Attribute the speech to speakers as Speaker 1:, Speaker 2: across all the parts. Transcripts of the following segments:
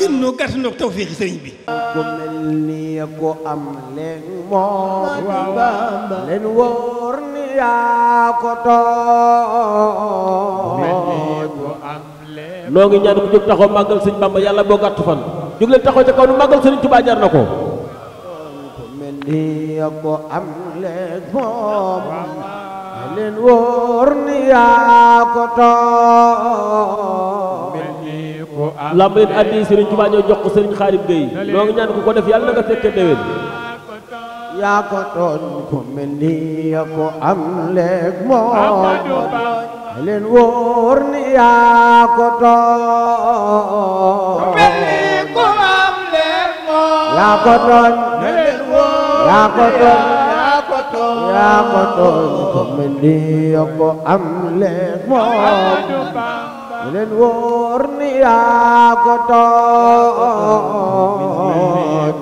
Speaker 1: gën noo gàtt noo tawféexi leen wóor ni yaa ko tooñ noo ngi ñaan ku jóg taxaw màggal sëñ Bamba yàlla boo gàttu fan jóg taxaw ca kaw nu màggal sëriñ Tuubaa na ko leen wóor ni yaa ko tooñ làmb leen addi Serigne Touba ñoo jox ko Serigne Khadim Gueye noo ngi ñaan ku ko def yàlla na nga fekke déwén yaa ko ko mel ni yaa am leeg ni moom mu leen wóor ni yaa ko tooñ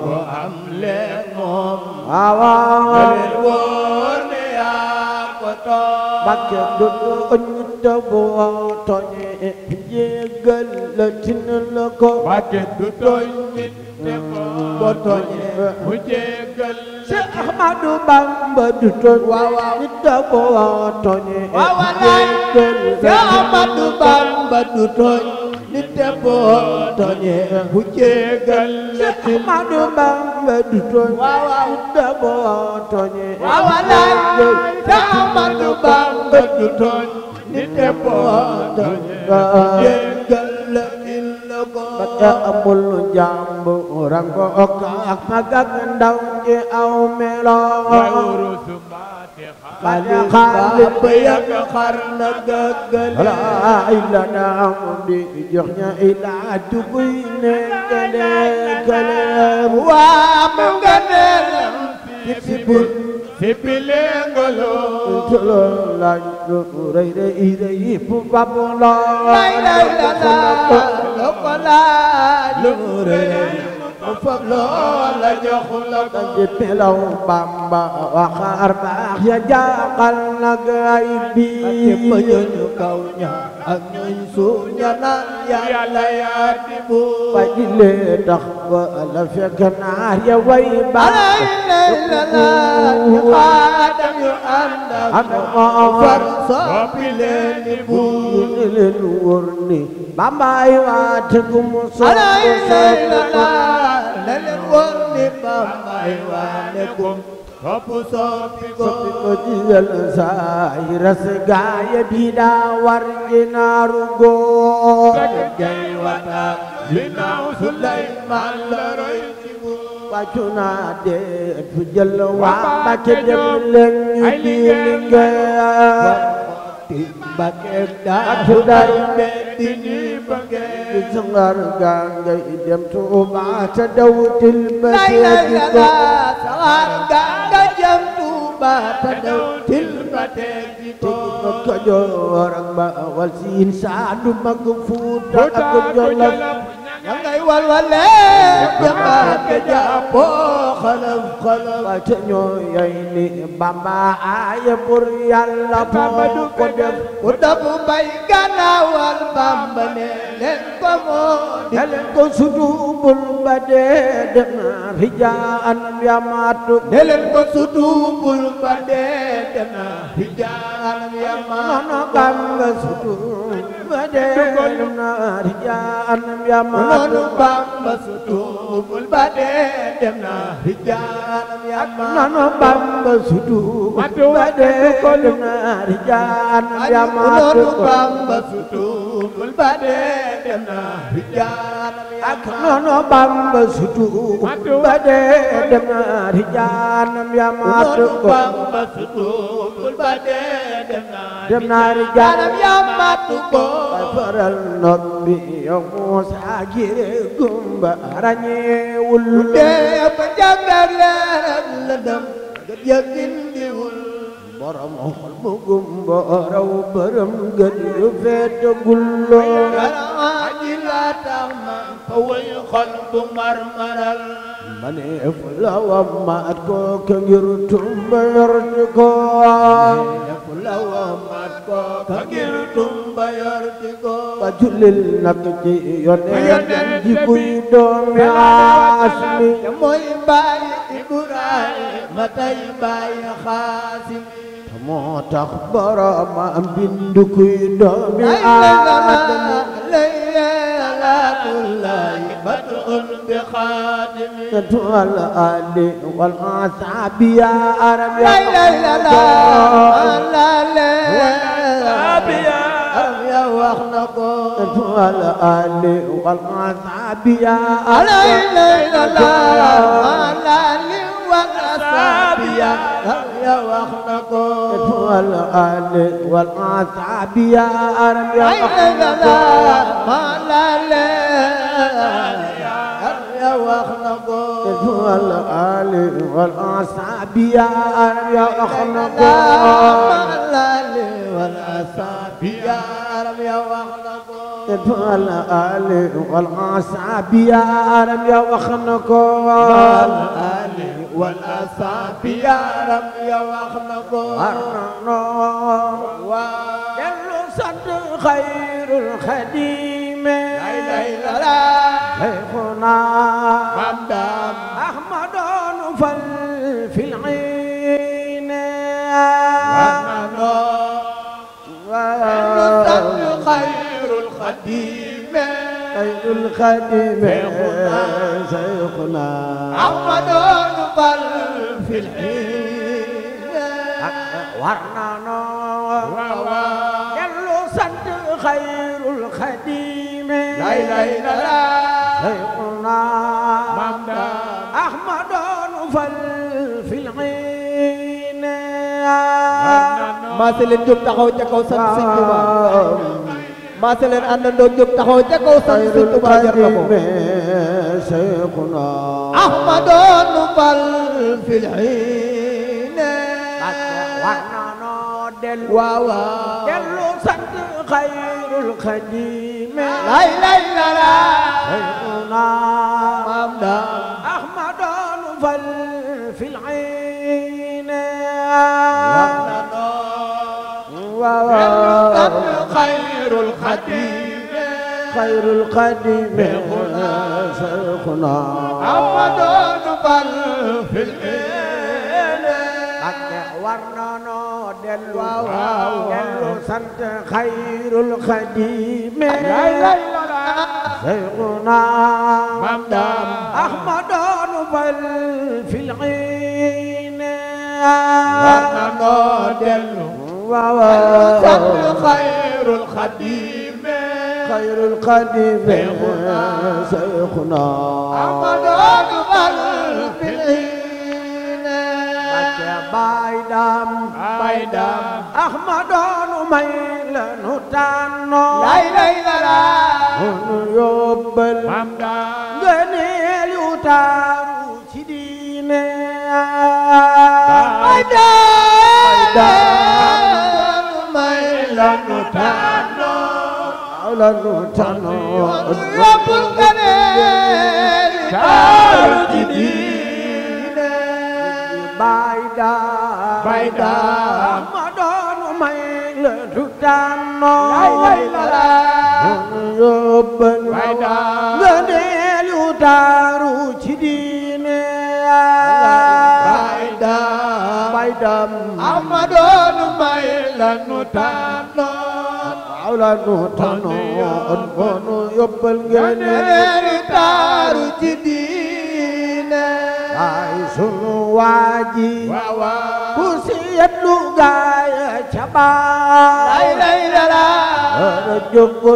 Speaker 1: ko am leen moom waaw wóor ni yaa ko tooñ Mbàkke du tooñ te boo tooñee jéggal la tin la ko Mbàkke du tooñ nit te boo tooñee mu jéggal Cheikh Ahmadou Bamba du tooñ waaw waaw nit da ko waa tooñee waaw wallaay Cheikh Ahmadou Bamba du tooñ nit da ko waa tooñee bu jégal Cheikh Ahmadou Bamba du tooñ waaw waaw nit da ko waa tooñee waaw wallaay Cheikh Ahmadou Bamba du tooñ nit da ko waa tooñee fa te amul njàmbu rango ok ak mag ak ndaw ci aw melo xale xale ba yàgg xar la gàggal ay la naam di jox ña ila tuguy ne gële gële waa mu nga ne ci bun Sipile ngolo Jolo lanyo kurai re ire ipu papula Lai lai la la Lokola
Speaker 2: Lure
Speaker 1: mu fab loola jox la ko ci pelaw Bamba waxaar baax ya jaaxal nag ay biir ma ñu kaw ña ak ñuy suuf ña naan yàlla yaa di buur fa jile tax ba la fekk naar ya way baax la la ñu xaadam yu ànd ak moo far soppi leen di buur ñu leen wóor ni Bamba ay waat gu mu soppi soppi na leen woon ni bambay waane kum topp soppi ko ko jiyal saay ras gaaya dina war ginaaru góor gay wataak ginnaaw Suleymaan la roy ci wàccu naa dee fu jël waa Mbakke dem leen ñu diini ngeen ti mbakeem daa tudar bendi ni mbakeem sangar gaa ngay dem Tuuba ta dawtil mateedi ko sangar gaa nga jëm Tuuba ta dawtil mateedi ko Kajoor ak Bawol Siin Saalum ak Fuuta ak Jolof dangay walwale jamaat ka jàppoo xalaf xalaf a ca ñooy yoy ni bamba aaye pour yàlla moo ko def ku dabu bay ganaawal bamba ne leen ko moo ne leen ko sutubul ba dee dem na fi jaan yamaatu ne leen ko sutubul ba dee dem na fi jaan yamaatu بدر نار جهنم يا مالك بامبسطو tuubul ba dee dem na rijaalam yàgg ma nanu Bamba su tuubul ba dee dem na rijaalam yàgg ma nanu Bamba su tuubul ba dee dem na rijaalam yàgg ma nanu Bamba su tuubul ba dee dem na rijaalam yàgg ma nanu Bamba su tuubul ba dee dem na rijaalam yàgg ma nanu baral noon bi yow Muusaa gire gumba rañeewul dee ba jàngal leeram la dem ga jëgindiwul borom xol mu gumba raw borom gën yu feetagul loo garama ji laa tax ma fa wëy xol bu marmaral ma la wammaat kooka ngir ko maneef ngir tumba yor ci ko ba jullil nak ci yoneen ji kuy doomi asmi mooy baay Ibrahima tey baay Xaasim moo tax boroma am bindu kuy doomi aadama والآل والأصحاب يا أرم يا والآل والأصحاب يا أرم يا والآل والأصحاب يا أرم يا محمد ما لا واخلق والآل والأصحاب يا أرم يا أخلق والآل والأصحاب يا أرم يا أخلق والآل والأصحاب يا أرم يا أخلق والآل wala saafi yaaram ya wax na ko waaw dellu sant xayrul xadime lay la xayxuna madam ahmadoon fal fil ayne dellu sant xayrul xadime xayrul xadime xayxuna ahmadoon تقبل في الحين ورنا يلو سنت خير الخديم لا لا لا لا قلنا أحمد نفل في العين ما سلم جب تخوتك وسنت سنجوا maase leen àndandoo jóg taxaw ca kaw sant si Tuubaa jar na ko Seyxuna Ahmadoon fal fil xiine war naanoo dellu waaw waaw dellu sant xayrul xadiime lay lay la la Seyxuna maam daa Ahmadoon fal fil xiine war naanoo waaw waaw خير الخديم خير القديم هنا شيخنا عمد بل في الليل حق ورنا دلو دلو سنت خير القديم شيخنا ممدام أحمد بل في العين ورنا دلو سنت خير xayrul xadim xayrul xadim seyxuna amadou bal filine acca baydam baydam ahmadou may la nu tànno lay lay la la nu yóbbal ngëneel yu taaru ci diine baydam baydam lanu la du tànno lay la yóbbal bay daam nga deelu taaru nu tànno waaw la nu tanoo kon bonu yóbbal ngeen leeri taaru ci diine ay sunu waaji ku si yetlu gaaya ca baay lay lay la la la jógu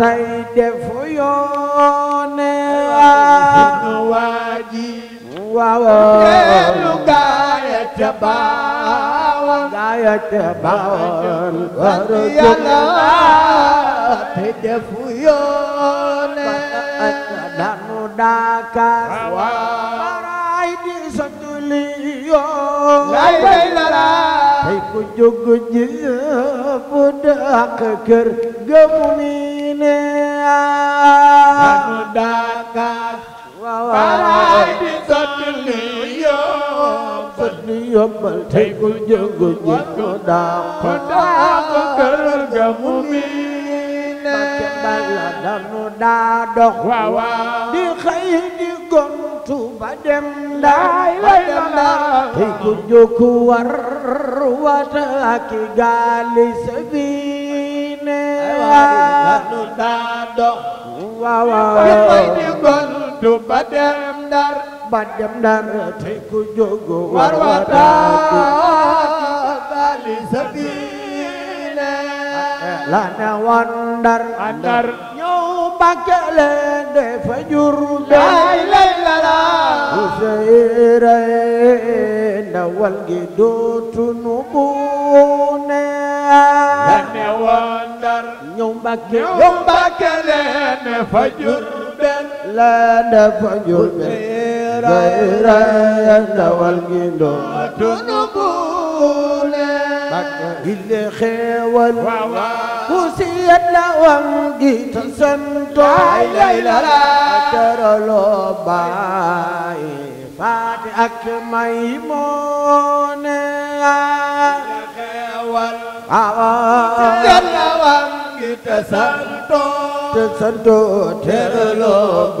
Speaker 1: tay def yoone sunu waaji waaw yetlu gaaya ca gaayat baawoon war yàlla te defu yoone danu daakaar waraay di sotuli yoon lay lay lala tey ku jóg ji bu dàq kër gëmu mi ne danu daakaar waraay di yombal tey ku jógu ji mu daaw ko daaw ko këral ga mu miin Mbàkke Balla danu daa dox waaw waaw di xëy di gontu ba dem daay lay la tey ku jógu war wata ak gaali sabine danu daa dox waaw waaw di xëy di gontu ba dem dar bàjjam ndar ne woon ndar ndar leen de fa jur lay ne woon ndar ñëw leen de fa jur rayra ndawal la wam gi ta santo layla la teraloo baay faati ak may la wam gi ta santo te santo teraloo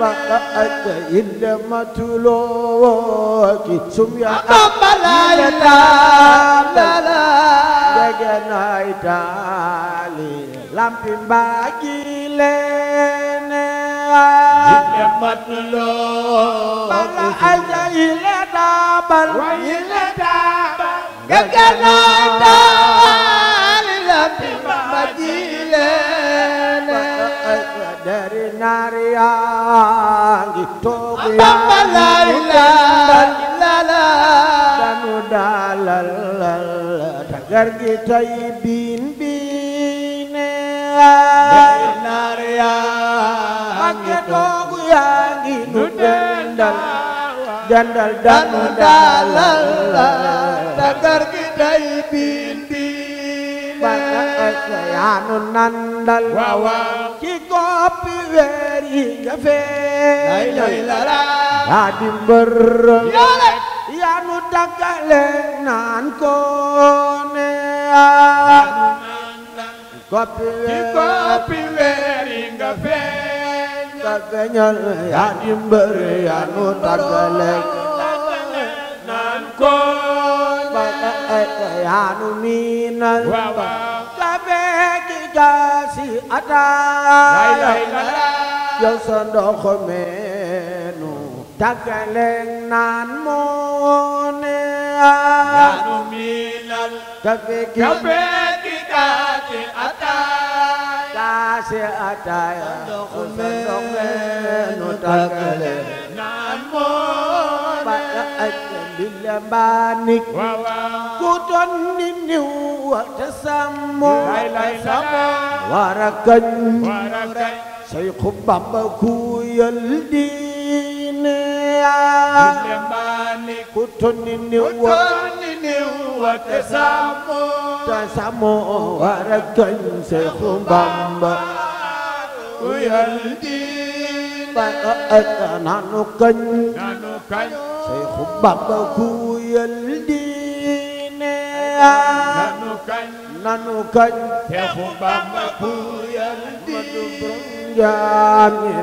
Speaker 1: فقد إنما تلوك سمي أقبلا يتابلا دقنا إتالي لامبي باقي لنا إنما تلوك بلا أجا إلى دابل وإلى دابل دقنا إتالي لامبي باقي لنا dari naari yaa ngi toog yaa ngi tëndal danu dalal tagar gi tay biin dari naari yaa ngi toog yaa ngi nu tëndal danu dalal tagar gi tay yaanu nandal waaw ci koppi weer yi nga feeñal yaa di mbër yaanu takkale naan koone yaa ci koppi weer yi nga feeñal yaa di mbër yaanu takkale naan koone الأيان من الطبيب جاسي أتى يصدق منه تقلن نان يا من الطبيب جاسي أتى se ataya ndoxumeno takale nan mo ba للمانك كتن نيو وتسمو وركن شيخ بابا كوي الدين للمانك كتن نيو وتسمو تسمو وركن شيخ بابا كوي الدين nanu kañ Seexu Bamba ku wuyal diine nanu kañ nanu kañ Seexu Bamba ku wuyal diine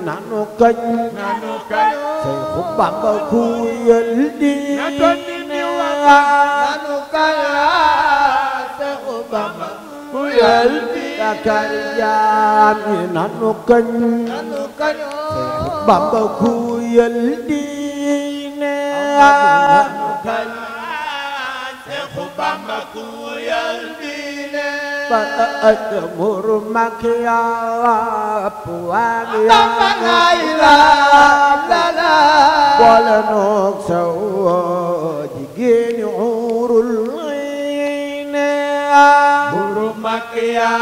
Speaker 1: nanu kañ nanu kañ Seexu Bamba ku wuyal diine nanu kañ Seexu Bamba ku wuyal diine nanu kañ nanu kañ bamba ku yal diine kan Seexu bamba ku yal diine fa atmur mak ya rab wa ya la ilaha illa wala nok sawa jigéen uurul ayna buru mak ya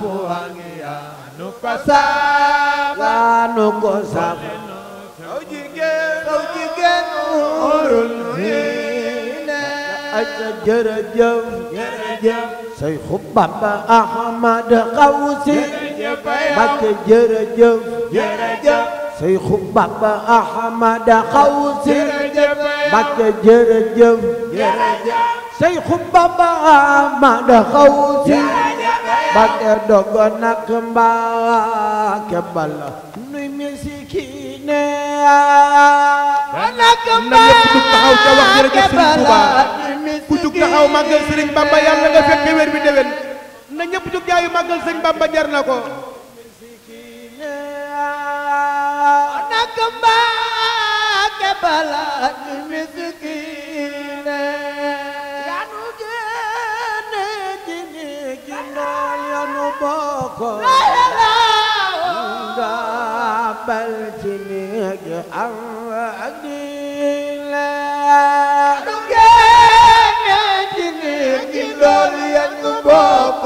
Speaker 1: bu angiya nu fasa nu ko saf aw jigéen aw jigéen óorul diine aca jërëjëf jërëjëf say xubbam ba Ahmad Xawsi Mbakke jërëjëf jërëjëf say xubbam ba Ahmad Xawsi Mbakke jërëjëf jërëjëf say xubbam ba Ahmad Xawsi Bakke dogo nak Mbakke bala nuy misikine nak Mbakke bala ku jug taxaw màggal Sëriñ Bamba yàlla nga fekke wér bi déwén na ñëpp jug jaayu màggal Sëriñ Bamba jar na ko ko dabal ci néeg am di la du génne ci néeg gi loolu yéen ñu bokk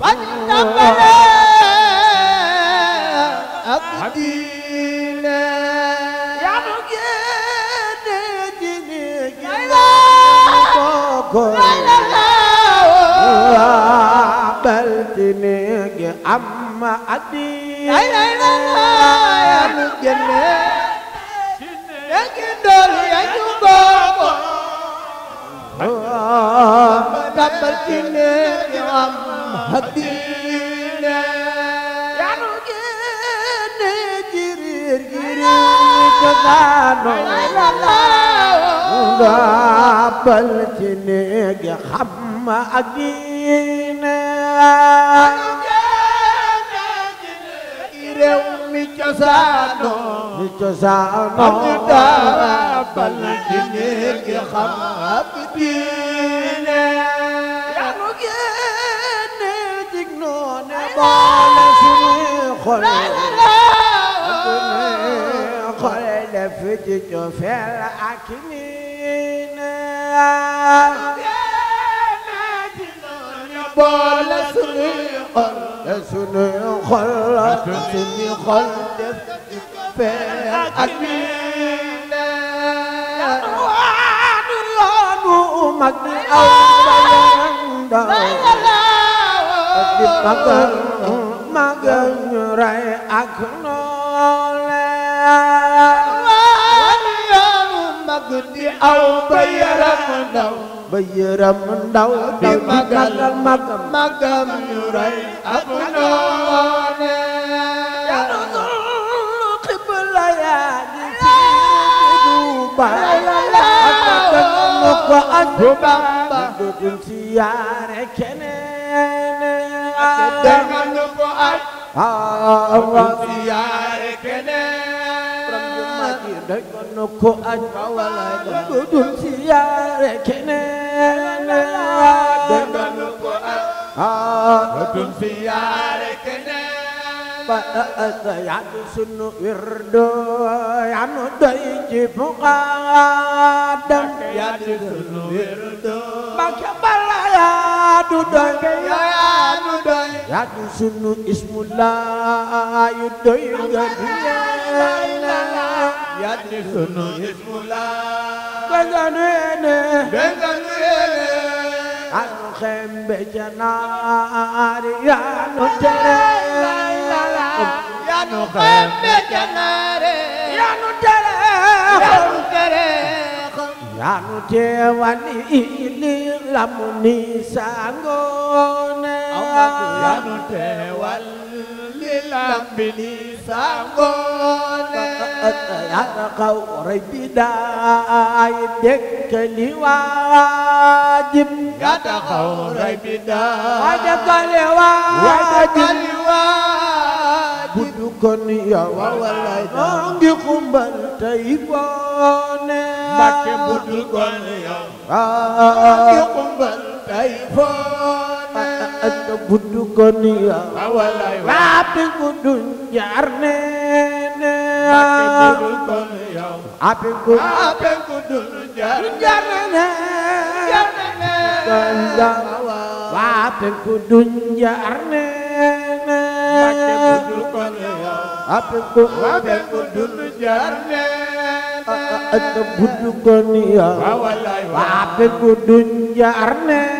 Speaker 1: ban dabal ak di ma la ilaha mu jenne yakin doli yakin boko jinne yam haddi yanu jinne jirir jinne xam ma addi mi cosaanoo mi cosaanoo am ñu dara bal na ci néeg gi xam ab diine yanu génne jig noone boole suñu xol xol def ci cofeel ak niine génne jig noone boole suñu xol te sunu xol sunu xol def fee ak diine waadu yoonu mag ñi aw bayanda di magal magal ñu rey ak noole waadu yoonu mag ñi aw bayanda ba yëram ndaw di màggal màggam màggam ñu rey ak noone yàlla sulu xibla yaa di siiru Tuuba ak ko ak Bamba dootul siyaare keneen ak demal ko ak dootul siyaare keneen ak demal ko ak dootul siyaare keneen dun siyaare keneen ba ëtt yanu sunu wirdo yanu doy ci muqaddam yanu sunu wirdo ba kebala yanu doy yanu doy yanu sunu ismullah yu doy nga yanu sunu ismullah benganu ene benganu alxembe ca naar yaa nu tere yaa nu xembe ca naar yaa nu tere yaa nu tere yaa nu teewani ili lamu ni sangoone yaa nu teewal li lambini sangoone yaa xaw rey bi daay dëkk li waajib yaa xaw rey bi daay ak buddu ko ni waa bi guddu njaar neene abe guddu njaar neene waa bi guddu njaar neene abe guddu njaar neene abe guddu njaar neene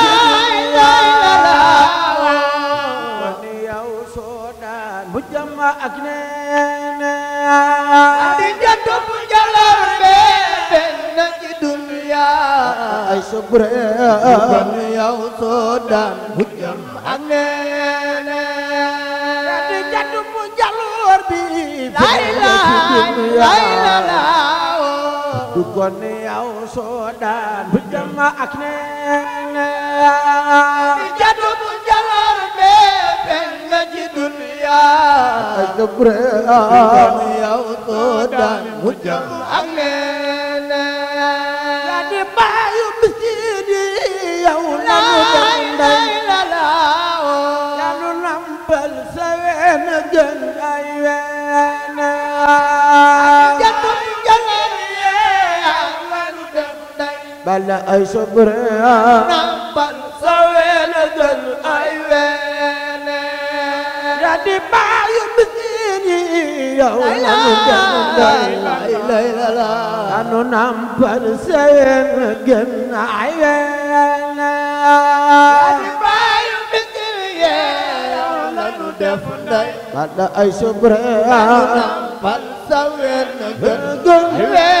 Speaker 1: Xadijatu bu jaloor ودان مجام أمينا لا دبايو بسيدي يا ولاد لا لا لا نمبل سوين جن أيوانا بلا أي صبرنا yow lanu gëndal lay lay la la lanu nampal seen gën ay ween lanu baayu bikir yeew lanu def nday bada ay subre lanu nampal seen gën ay ween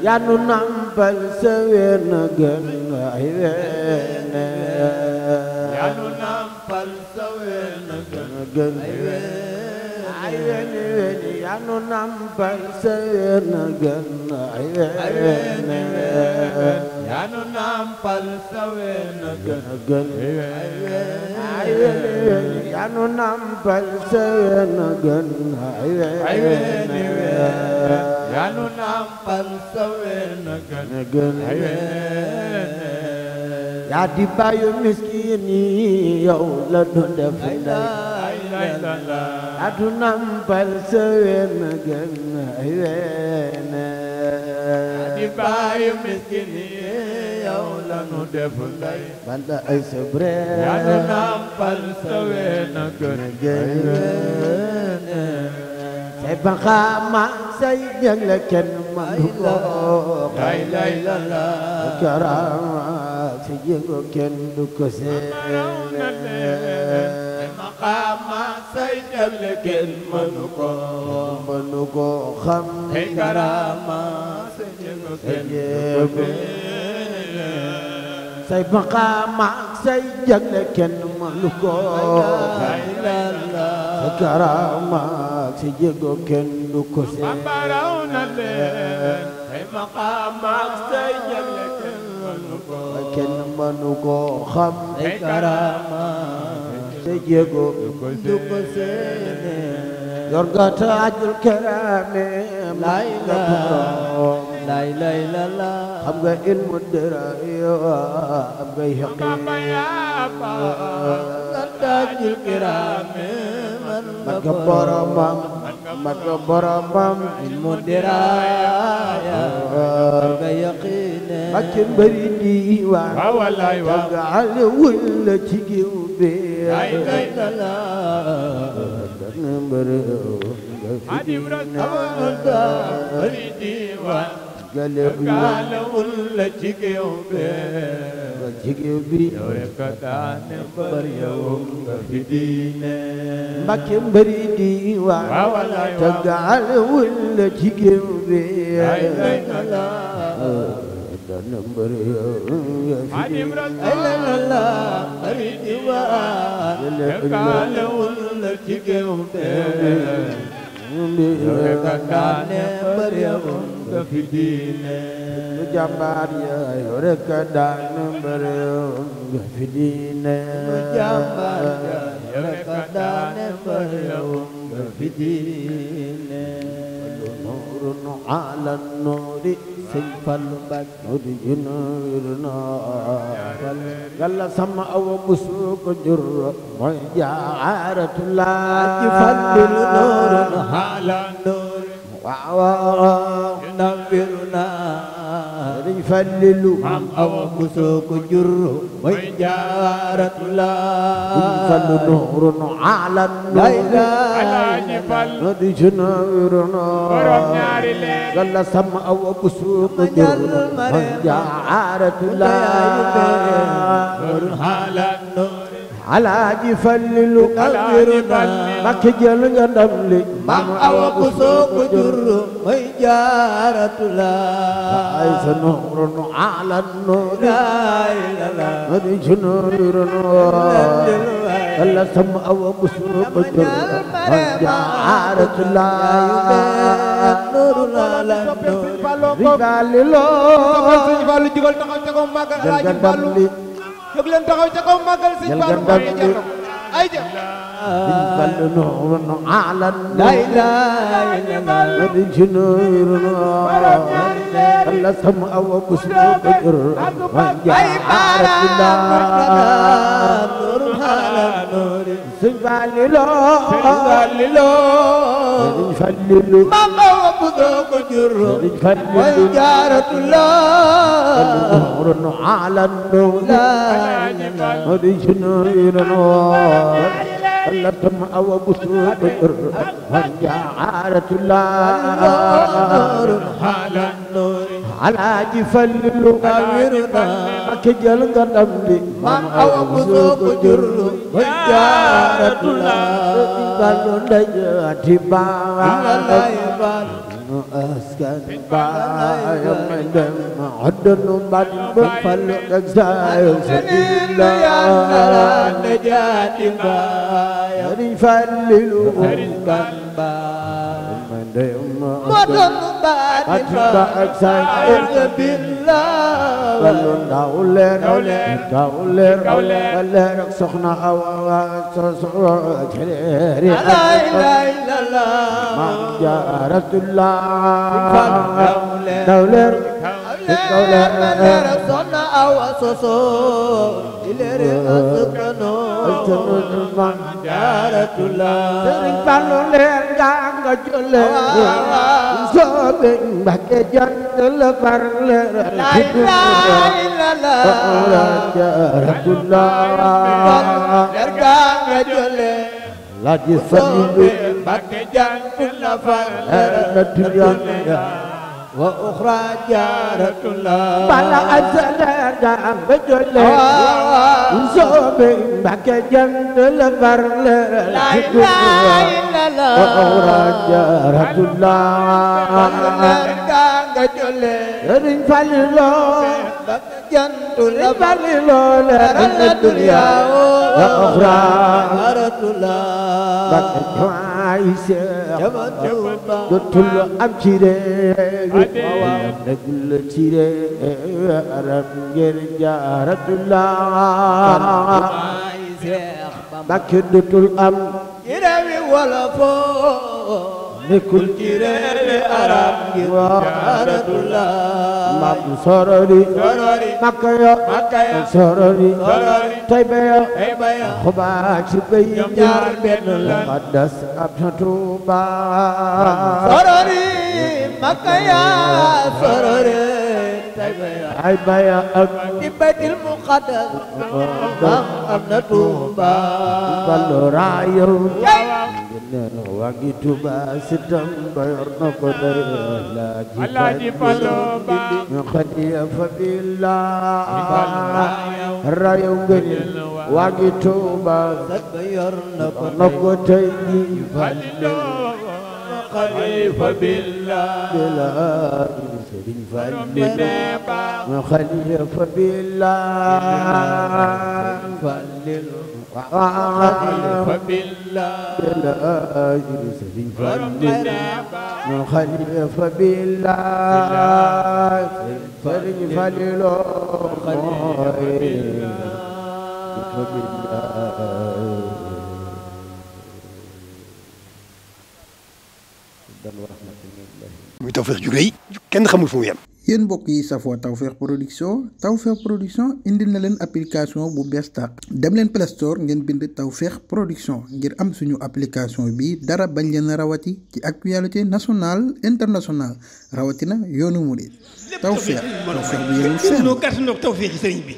Speaker 1: yanu nampal sa wér na gën ay weene yanu nampal sa wér na gën ay weene ay weene yanu nampal seen gannaay ween yanu nampal seen gannaay ween yanu nampal seen gannaay ween yanu nampal seen gannaay ween yaa di baayu miskin yi yow la doon def ndey aduna mbal sëween gën ay ween di baayu miskin yi yow la nu def lay banda ay sobre aduna mbal sëween gën ay ween say baxaama say jëgle kenn manu ko lay lay la la karaama si jëngo kenn du ko seene maqaama say jagle kenn mënu ko mënu ko xam say jagle kenn say maqaama say say jagle kenn du ko seen say maqaama say jagle kenn mënu te jego duko seene yorgata ajul kerame lay lay lay la xam nga ilmu dara yo xam nga yaqin nga tajul kerame man nga boromam mat boromam il mu diraaya ba yaqine ak mbëri di wa wallaay wa gaale wuñ la ci giw bi ay kay la mbëri di wa galebu galawul la ci géew be ba bi yow rek a daane mbar yow nga fi diine mbakke mbari diiwaan te galawul la ci géew be ay lay na la daane mbar yow nga fi diine ay lay na la mbari diiwaan te galawul la ci géew be yow rek a daane mbër ya woon nga fi diine. lu jàmbaar ya yow rek a daane mbër ya woon nga fi diine. lu jàmbaar ya yow rek a daane mbër ya woon nga fi diine. nuurun ala nuuri. sëñ Fallu Mbàkke mu di junóor noor yàlla sama awa musu jur mooy jaaratu laa ci Fallu noor haalandoo waaw yunawiruna sëriñ Fallilu am awa kusoo ko jur mooy jaaratula fallu nuurun alan layla alaaji fal di yunawiruna borom ñaari leen galla sam awa kusoo ko jur mooy jaaratula alan nuurun alaaji fallilu awiruna makki jël nga ndam li mam awa ku soo ko jur may jaaratula ay sa nuurun ala nuuri mani junuurun ala sam awa ku soo ko jur may jaaratula nuurun ala nuuri ribalilo jël nga ndam li bëgg leen la ilaha illallah madin ci nuurun ala sam aw busnu bajr wa jaaratillah doo ko jur mooy jaaratullah amrun alan dawla hadi sunayran wa لكم أو بسوط وجعارة النار على النور على جفل لغيرنا مكجل قدم لي من أو بسوط جر وجعارة النار قالوا لي أتباع askan baayam dem addanu bat bu fal ak saayam sabila najati baayam falilu kan baayam dem modon
Speaker 2: baat ba
Speaker 1: ak sañ ëllë billaa walu ndaw leen ndaw leen ndaw leen ak soxna awa ak soxna la ko julle soobe Mbàkke jant la far leer la ilaha illallah rabbullah leer ga nga julle la ji sami Mbàkke jant la far leer وأخرى جارة الله بلا أزل دام بجل زوبي بك جند الفرل لا إله إلا الله وأخرى جارة الله بلا أزل دام بجل sëriñ Faliloo ba jantu la Faliloo leeral na dunya wa uxra ba jawaay seex dootul am ci réew mi nagul ci réew aram ngir jaaratullah ba dootul am ci réew wala foo nekkul ci réewi arab gi jaaratullah maam sorori makka yo sorori tayba yo xubaa ci bay ñaar benn la muqaddas ab na tuuba sorori makka ya sorori ay
Speaker 2: baya ak di
Speaker 1: baytil muqaddas bam am na Tuuba fallu raayo nena xalifa billah billah sëriñ Fallilu xalifa billah Fallilu xalifa billah billah sëriñ Fallilu xalifa billah sëriñ Fallilu xalifa billah muy Tawfekh ju rëy kenn xamul fu mu yem. yéen mbokk yi safoo Tawfekh production Tawfekh indil na leen application bu bees tàq dem leen Play Store ngeen bind Tawfekh production ngir am suñu application bi dara bañ leen rawati ci actualité nationale internationale rawatina yoonu mu de